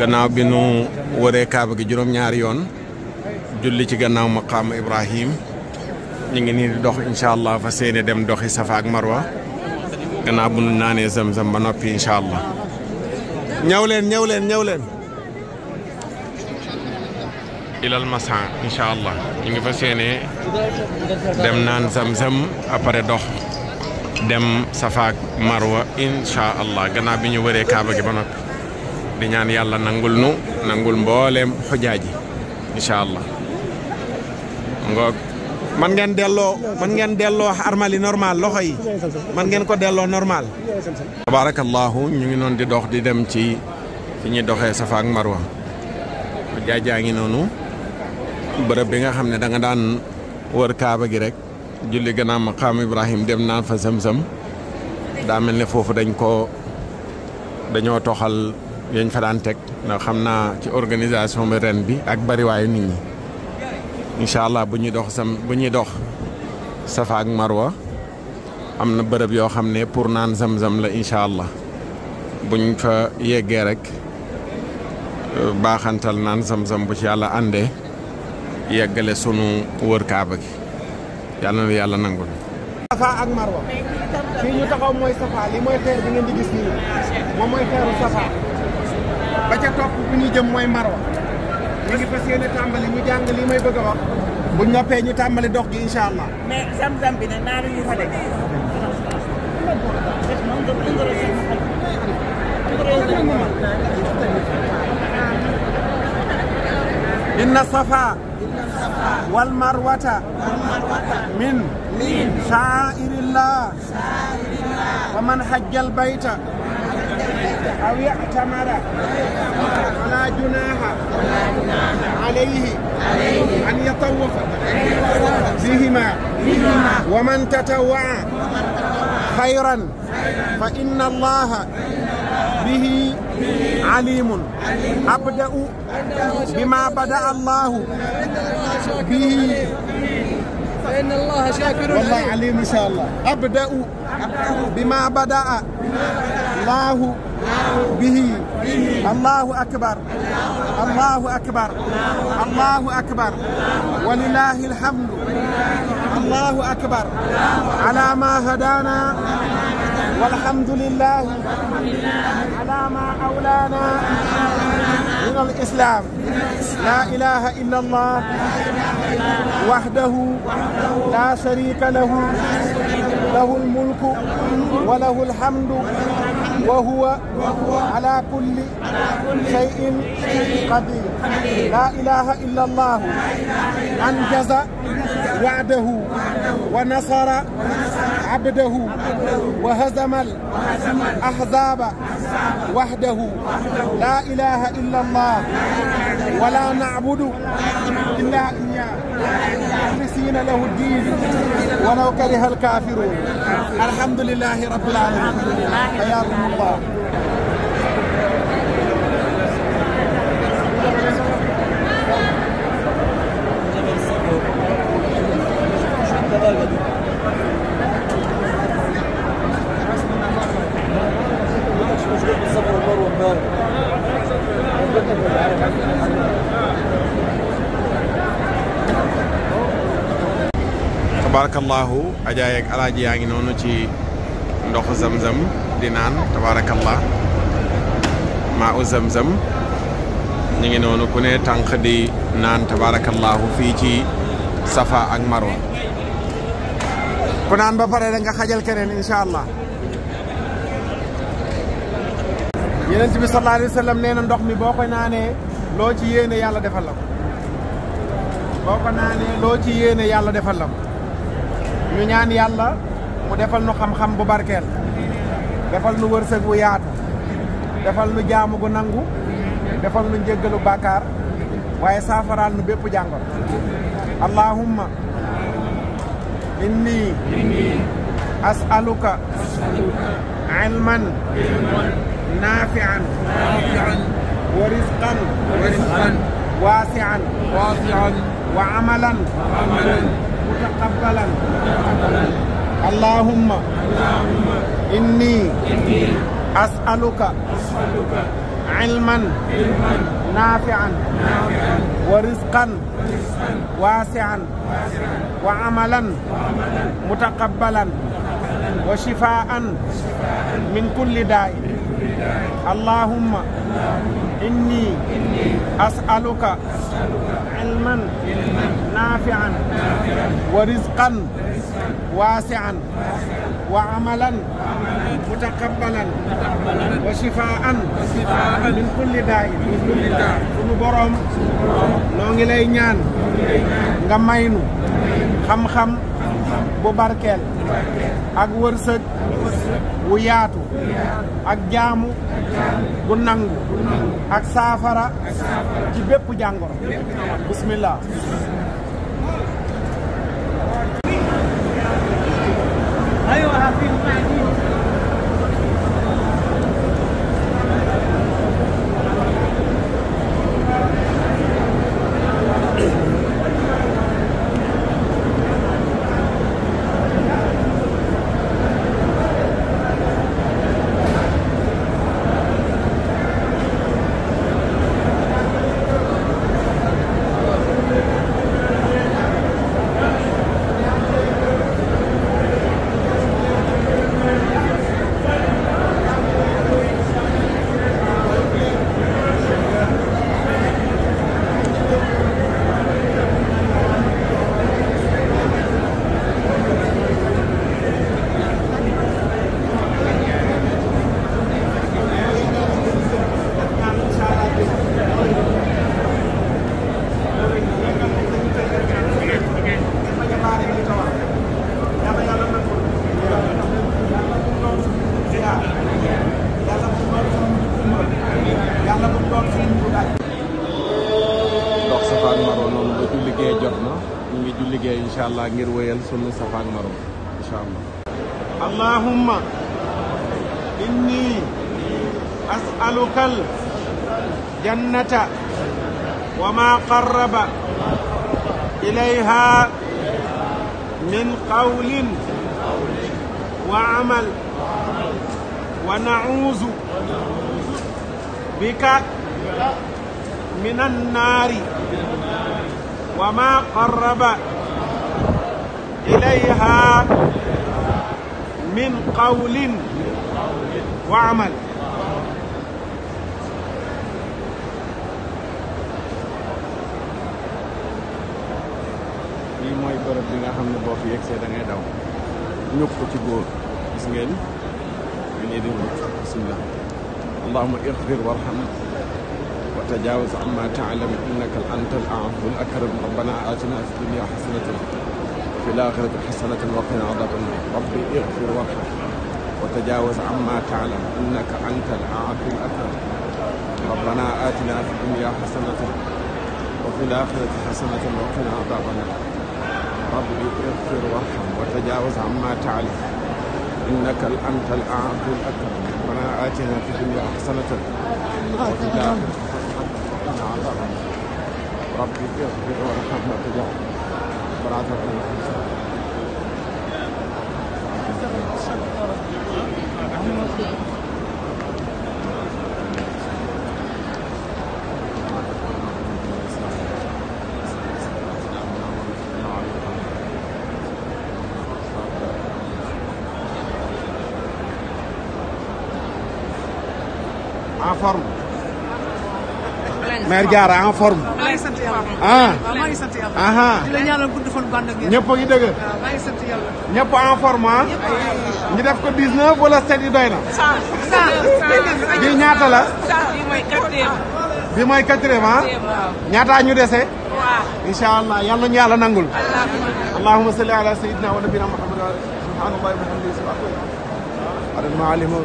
gannaaw bi nu waree kaaba gi juróom-ñaari yoon julli ci gannaaw maqaam Ibrahim ñu ngi nii di dox incha allah fa seeni dem doxi safa ak marwa gannaaw bu nu naanee zam-zam ba noppi incha allah. leen ñëw leen ñëw leen. ilal masan incha allah ñu ngi fa seenee dem naan zam-zam après dox dem safa ak marwa incha gannaaw bi ñu waree kaaba gi ba noppi. di ñaan yàlla nangul nu nangul mbooleem xujaaji incha allah ngoog man ngeen delloo man ngeen delloo armali normal loxo yi man ngeen ko delloo normal tabaarakallaahu ñu ngi noonu di dox di dem ci fi ñuy doxee safa ak marwa xujaajaa ngi noonu bërëb bi nga xam ne danga daan war kaaba gi rek julli gannaaw maqaam ibrahim dem naan fa sam-sam daa mel ne foofu dañ ko dañoo toxal yañ fa daan teg ndax xam naa ci organisation bi ren bi ak bariwaayu nit ñi incha allah bu ñuy dox sam bu ñuy dox safa ak marwa am na bërëb yoo xam ne pour naan zam-zam la incha allah buñ fa yeggee rek baaxantal naan zam-zam bu ci yàlla àndee yeggale sunu wër kaaba gi yàlla na yàlla nangul. safa ak marwa fii ñu taxaw mooy safa li mooy xeer bi ngeen di gis nii mooy xeeru safa. ba ca topp bu ñu jëm mooy Marwa ñu ngi fas yéene ñu jàng lii may bëgg a bu ñu ñu tàmbali dox gi incha allah. bi nag naa ñu fa def. inna safa wal marwata min sha'airillah faman hajjal bayta أو يأتمر فلا جناح عليه أن يطوف بهما ومن تطوع خيرا فإن الله به عليم أبدأ بما بدأ الله به فإن الله شاكر والله عليم إن شاء الله أبدأ بما بدأ الله به الله أكبر الله أكبر الله أكبر ولله الحمد الله أكبر على ما هدانا والحمد لله على ما أولانا من الإسلام لا إله إلا الله وحده لا شريك له له الملك وله الحمد وهو على كل شيء قدير لا إله إلا الله أنجز وعده ونصر عبده وهزم الأحزاب وحده لا إله إلا الله ولا نعبد إلا إياه مخلصين له الدين ولو كره الكافرون الحمد لله رب العالمين حياكم الله tabaarakallaahu ajaay ak alaaji yaa ngi noonu ci ndoxu zamzam di naan tabaarakallah maa u zamzam ñu ngi noonu ku ne tànq di naan tabaarakallahu fii ci safa ak marwa ku naan ba pare da nga xajal keneen incha allah yeneen bi sallallahu alayhi ndox mi boo ko naanee loo ci yéene yàlla defal la ci yéene yàlla defal la ñu ñaan yàlla mu defal nu xam-xam bu barkeel defal nu wërsëg bu yaatu defal nu jaamu nangu defal nu njéggalu bàkkaar waaye saafaraal nu bépp jàngoro allahumma inni as'aluka ilman naafi'an wa rizqan waasi'an wa amalan متقبلا اللهم إني أسألك علما نافعا ورزقا واسعا وعملا متقبلا وشفاء من كل داء اللهم inni as'aluka ilman nafi'an wa rizqan wasi'an wa amalan mutaqabbalan wa shifaan min kulli daa'i sunu boroom noo ngi lay ñaan nga maynu xam-xam bu barkeel ak wërsëg wu yaatu ak jaamu bu nangu ak saafara ci bépp jàngoro bismillah dox Safa ak Marwa noonu ba julli gee jot na ñu ngi julli gee incha allah ngir wéyal sunna Safa ak Marwa incha allah. allahumma inni as'alukal jannata wa ma qarraba ilayha min qawlin wa amal wa na'uuzu bika من النار وما قرب إليها من قول وعمل lii mooy bërëb bi nga xam ne boo fi yegsee da ngay daw ñëpp ko ci góor gis ngeen ñu ne di wut bismillah allahumma ighfir warham تجاوز عما تعلم إنك أنت الأعز الأكرم ربنا آتنا في الدنيا حسنة في الآخرة حسنة وقنا عذاب النار ربي اغفر وارحم وتجاوز عما تعلم إنك أنت الأعز الأكرم ربنا آتنا في الدنيا حسنة وفي الآخرة حسنة وقنا عذاب النار ربي اغفر وارحم وتجاوز عما تعلم إنك أنت الأعز الأكرم ربنا آتنا في الدنيا حسنة وفي الآخرة عذابا ربي اغفر وارحم وتجاوب برعزة الحسن Thank you. mère Diarra en forme. ah. ah. ñëpp a ngi dëgg. ñëpp en ñu def ko 19 wala 7 yi doy na. ñaata la. bii mooy quatrième ah. ñaata ñu dese. incha allah yal nañu yàlla nangul. allahumma salli ala sayyidina wa nabina muhammad wa subhanallah wa bihamdihi ma alima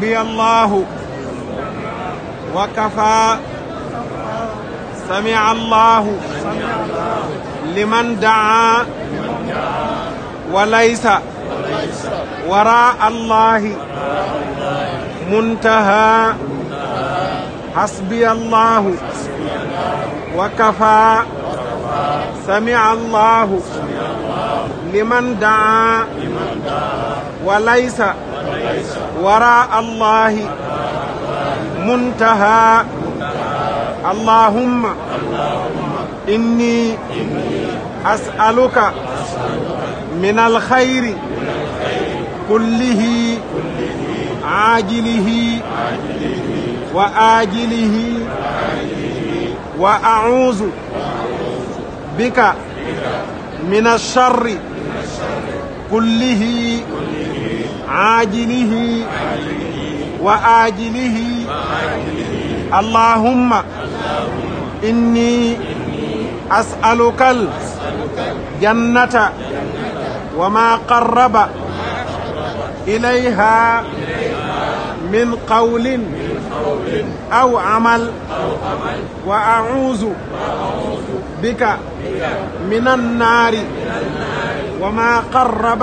min ma wa kafa sami'a allahu liman daa wa laysa wara allahi muntaha hasbiya allahu wa kafa sami'a allahu liman daa wa laysa wara allahi منتهى اللهم إني أسألك من الخير كله عاجله وآجله وأعوذ بك من الشر كله عاجله وآجله اللهم إني أسألك الجنة وما قرب إليها من قول أو عمل وأعوذ بك من النار وما قرب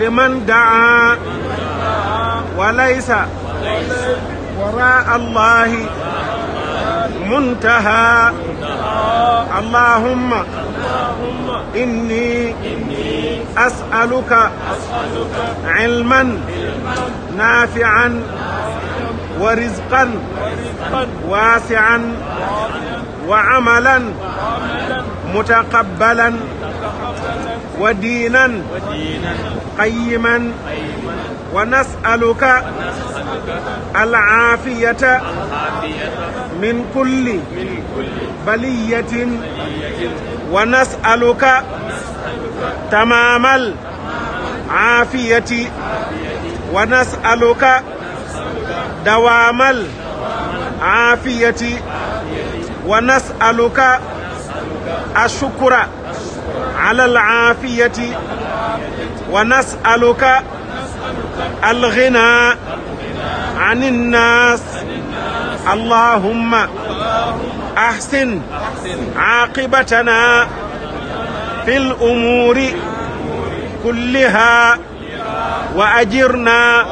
لمن دعا وليس وراء الله منتهى اللهم إني أسألك علما نافعا ورزقا واسعا وعملا متقبلا ودينا قيما ونسألك العافية من كل بلية ونسألك تمام العافية ونسألك دوام العافية ونسألك الشكر على العافية ونسألك الغنى عن الناس اللهم أحسن عاقبتنا في الأمور كلها وأجرنا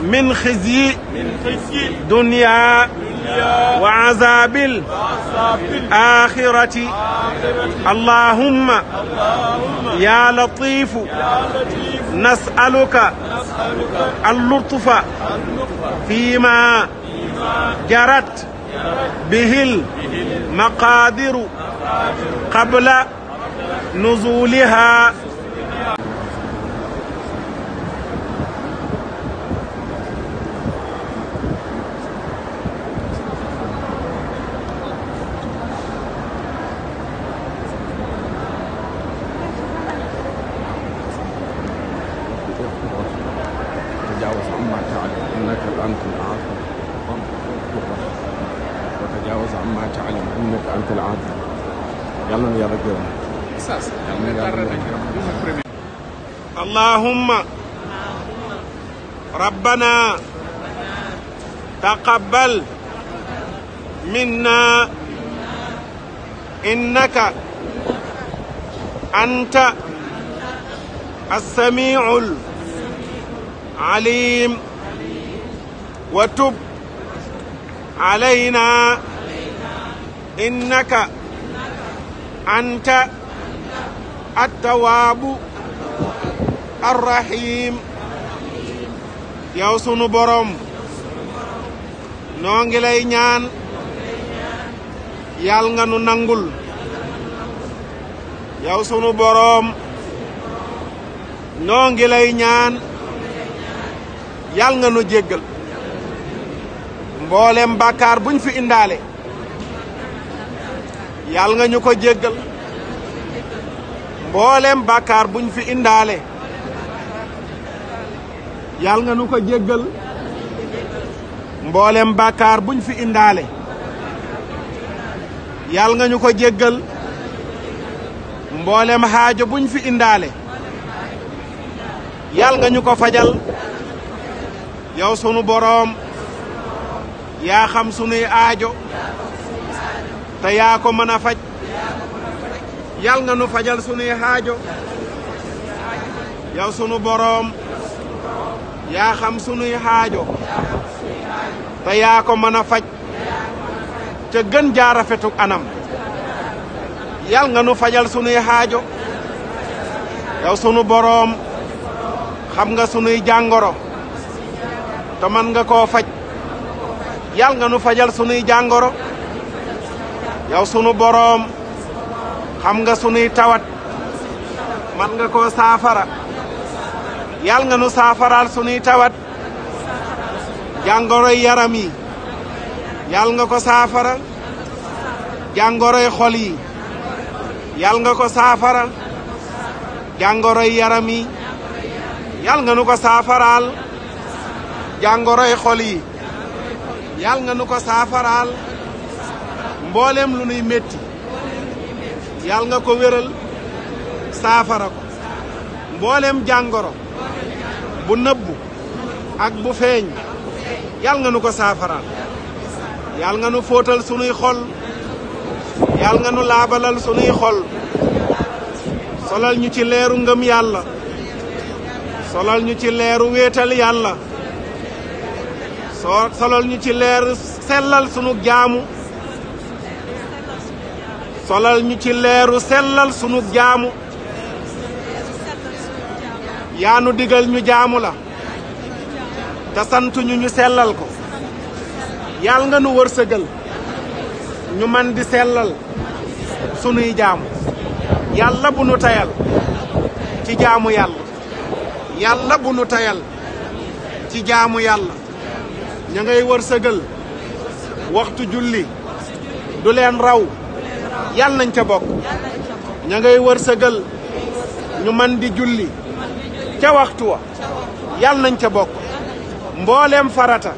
من خزي دنيا وعذاب الآخرة اللهم يا لطيف نسألك اللطف فيما جرت به المقادر قبل نزولها اللهم ربنا تقبل منا إنك أنت السميع العليم وتب علينا إنك أنت attawaabu arrahim yow sunu boroom noo ngi ñaan yàlla nga nu nangul yow sunu boroom noo ngi lay ñaan yàlla nga nu jégal mboolem bàkkaar buñ fi indaale yàlla nga ñu ko jégal mboolem bàkkaar buñ fi indaale yàlla nga ñu ko jéggal mboolem bàkkaar buñ fi indaale yàlla nga ñu ko jéggal mboolem xaajo buñ fi indaale yàlla nga ñu ko fajal yow sunu boroom yaa xam sunuy aajo te yaa ko mën a faj yal nga nu fajal sunuy xaajo yow sunu boroom yaa xam sunuy xaajo te yaa ko mën a faj te gën jaa rafetuk anam yal nga nu fajal sunuy xaajo yow sunu boroom xam nga sunuy jàngoro te mën nga koo faj yal nga nu fajal sunuy jàngoro yow sunu xam nga sunuy tawat man nga ko saafara yàlla nga nu saafaraal sunuy tawat jàngoroy yaram yi yàlla nga ko saafara jàngoroy xol yi yàlla nga ko saafara jàngoroy yaram yi yàlla nga nu ko saafaraal jàngoroy xol yi yàlla nga nu ko saafaraal mboolem lu nuy métti yàlla nga ko wéral saafara ko mboolem jàngoro bu nëbbu ak bu feeñ yàlla nga nu ko saafaraal yàlla nga nu fóotal sunuy xol yàlla nga nu laabalal sunuy xol solal ñu ci leeru ngëm yàlla solal ñu ci leeru wéetal yàlla solal ñu ci leer sellal sunu jaamu solal ñu ci leeru sellal sunu jaamu yaa nu digal ñu jaamu la te santuñu ñu selal ko yàlla nga nu wërsëgal ñu man di selal sunuy jaamu yàlla bu nu tayal ci jaamu yàlla yàlla bu tayal ci jaamu yàlla ña ngay wërsëgal waxtu julli du leen raw yàlla nañ ca bokk ña ngay wërsëgal ñu man di julli ca waxtu wa yàlla nañ ca bokk mbooleem farata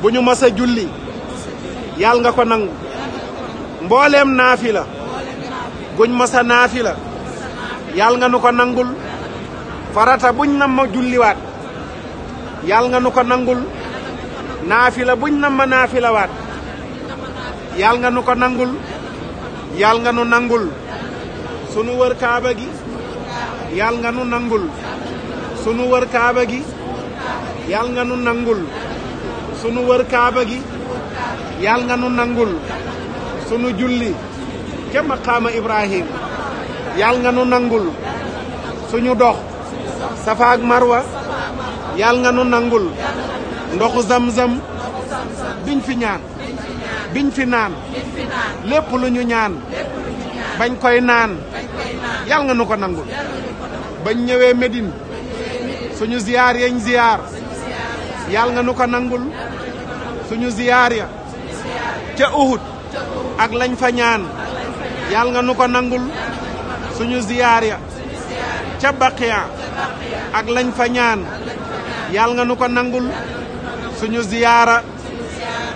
bu ñu mës a julli yàlla nga ko nangu mbooleem naafila buñ mës a naafila yàlla nga nu ko nangul farata buñ na ma julliwaat yàlla nga nu ko nangul naafila buñ na ma naafilawaat yàlla nga nu ko nangul yàlla nga nu nangul sunu wër kaaba gi yàlla nga nu nangul sunu wër kaaba gi yàlla nga nu nangul sunu wër kaaba gi yàlla nga nangul sunu julli ca maqaama Ibrahim yàlla nga nu nangul suñu dox safa marwa yàlla nga nu nangul ndoxu zam-zam biñ fi ñaan biñ fi naan lépp lu ñu ñaan bañ koy naan yal nga nu ko nangul bañ ñëwee Medine suñu ziyaar yañ ziyaar yal nga nu ko nangul suñu ziyaar ya ca Uhud ak lañ fa ñaan yal nga nu ko nangul suñu ziyaar ya ca Baqiya ak lañ fa ñaan nga nu ko nangul suñu ziyaara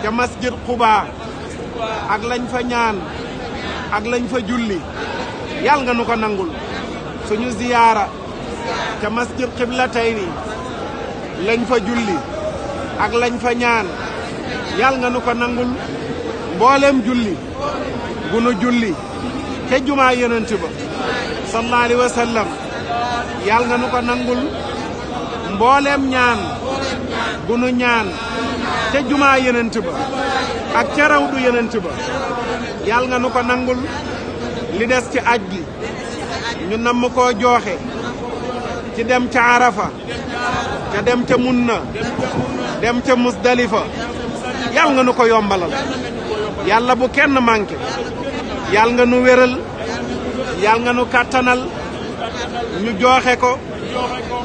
ca masjid Quba ak lañ fa ñaan ak lañ fa julli yàlla nga nu ko nangul suñu ziyaara ca masjid xiblatayni lañ fa julli ak lañ fa ñaan yàlla nga nu ko nangul mboolem julli bu julli ca jumaa yonent ba sallallahu alayhi nga nu ko nangul mboolem ñaan bu ñaan ca jumaa yonent ak caraw raw du yenent ba nga nu ko nangul li des ci aj gi ñu namm ko jooxe ci dem ca arafa ca dem ca munna dem ca musdalifa yàlla nga nu ko yombalal yàlla bu kenn manqué yàlla nga nu wéral yàlla nga nu kàttanal ñu jooxe ko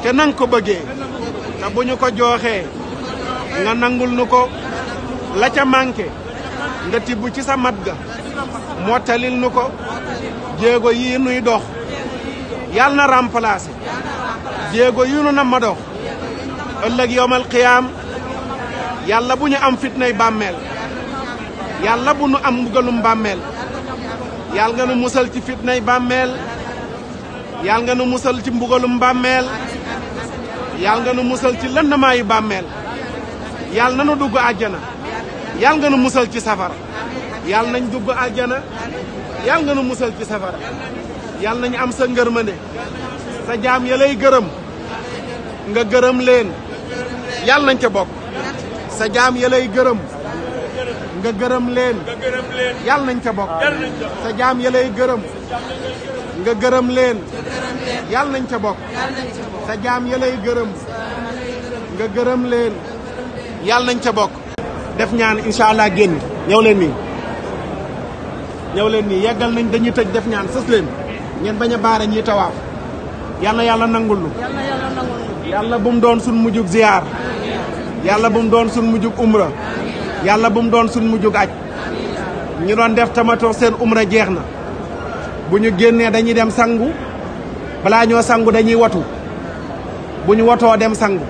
te nang ko bëggee te bu ko jooxee nga nangul nu ko la ca manqué nga tibb ci sa mat ga mottalil nu ko jéego yii nuy dox yàlla na remplacé jéego yi nu na ma dox ëllëg yowmal xiyaam yàlla bu ñu am fitnay bàmmeel yàlla bu nu am mbugalum bàmmeel yàlla nga nu musal ci fitnay bàmmeel yàlla nga nu musal ci mbugalum bàmmeel yàlla nga nu musal ci lëndamaayu bàmmeel yàlla na nu dugg àjjana yàlla nga nu musal ci safara yàlla nañ dugg àjjana yàlla nga nu musal ci safara yàlla nañ am sa ngërmande sa jaam ya lay gërëm nga gërëm leen yàlla nañ ca bokk sa jaam ya lay gërëm nga gërëm leen yàlla nañ ca bok sa jaam ya lay gërëm nga gërëm leen yàlla nañ ca bokk sa jaam ya lay gërëm nga gërëm leen yàlla nañ ca bokk def ñaan incha allah génn ñëw leen nii ñëw leen nii yeggal nañ dañuy tëj def ñaan sës leen ngeen bañ a baare ñiy tawaaf yàlla yàlla nangul yàlla bu mu doon suñ mujjug ziyaar yàlla bu mu doon suñ mujjug umra yàlla bu mu doon suñ mujjug aj ñu doon def tamato seen umra jeex na bu ñu génnee dañuy dem sangu balaa ñoo sangu dañuy watu bu ñu watoo dem sangu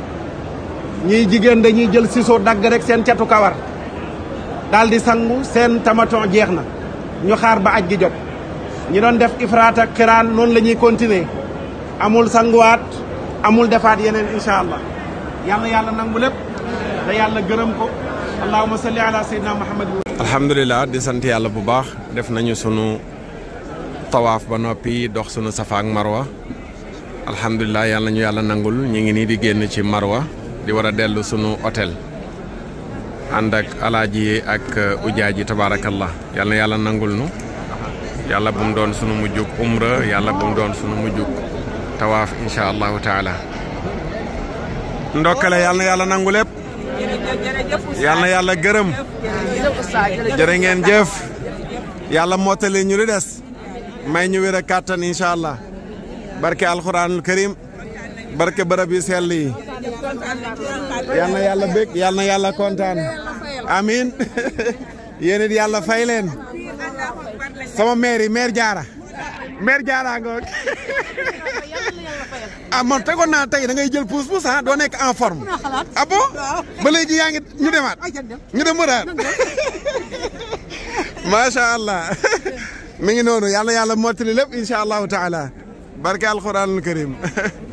ñiy jigéen dañuy jël siso dagg rek seen catu kawar daal di sangu seen tamaton jeex na ñu xaar ba aj gi jot ñi doon def ifraat ak xiraan noonu la ñuy amul sanguwaat amul defaat yeneen incha allah yàlla nangu lépp da yàlla gërëm ko allahuma salli ala sayyidina muhammad alhamdulilah di sant yàlla bu baax def nañu sunu tawaaf ba noppi dox sunu safa ak marwa alhamdulilah yàlla ñu yàlla nangul ñu ngi nii di génn ci marwa di war a dellu sunu hôtel ànd ak alaaji yi ak uh, ujaa ji tabaarakallah yal na yàlla nangul nu yàlla bu mu doon sunu mujjug umra yàlla bum doon sunu mujjug tawaaf incha allahu taala ndokkale yal na yàlla nangu lépp yal yàlla gërëm jërë ngeen jëf yàlla mottali ñu li des may ñu wér kàttan incha allah barke alxuraanul karim barke barab yu sell yi yal na yàlla bég yal na yàlla kontaan amiin yéen it yàlla fay leen sama maire yi maire jaara maire jaara ngoog ah man tegoon naa tey da ngay jël pousse pousse ah doo nekk en forme ah bon yaa ngi ñu demaat ñu dem mëraat macha allah mi ngi noonu yàlla yàlla mottali lépp incha allahu taala barke alquranul karim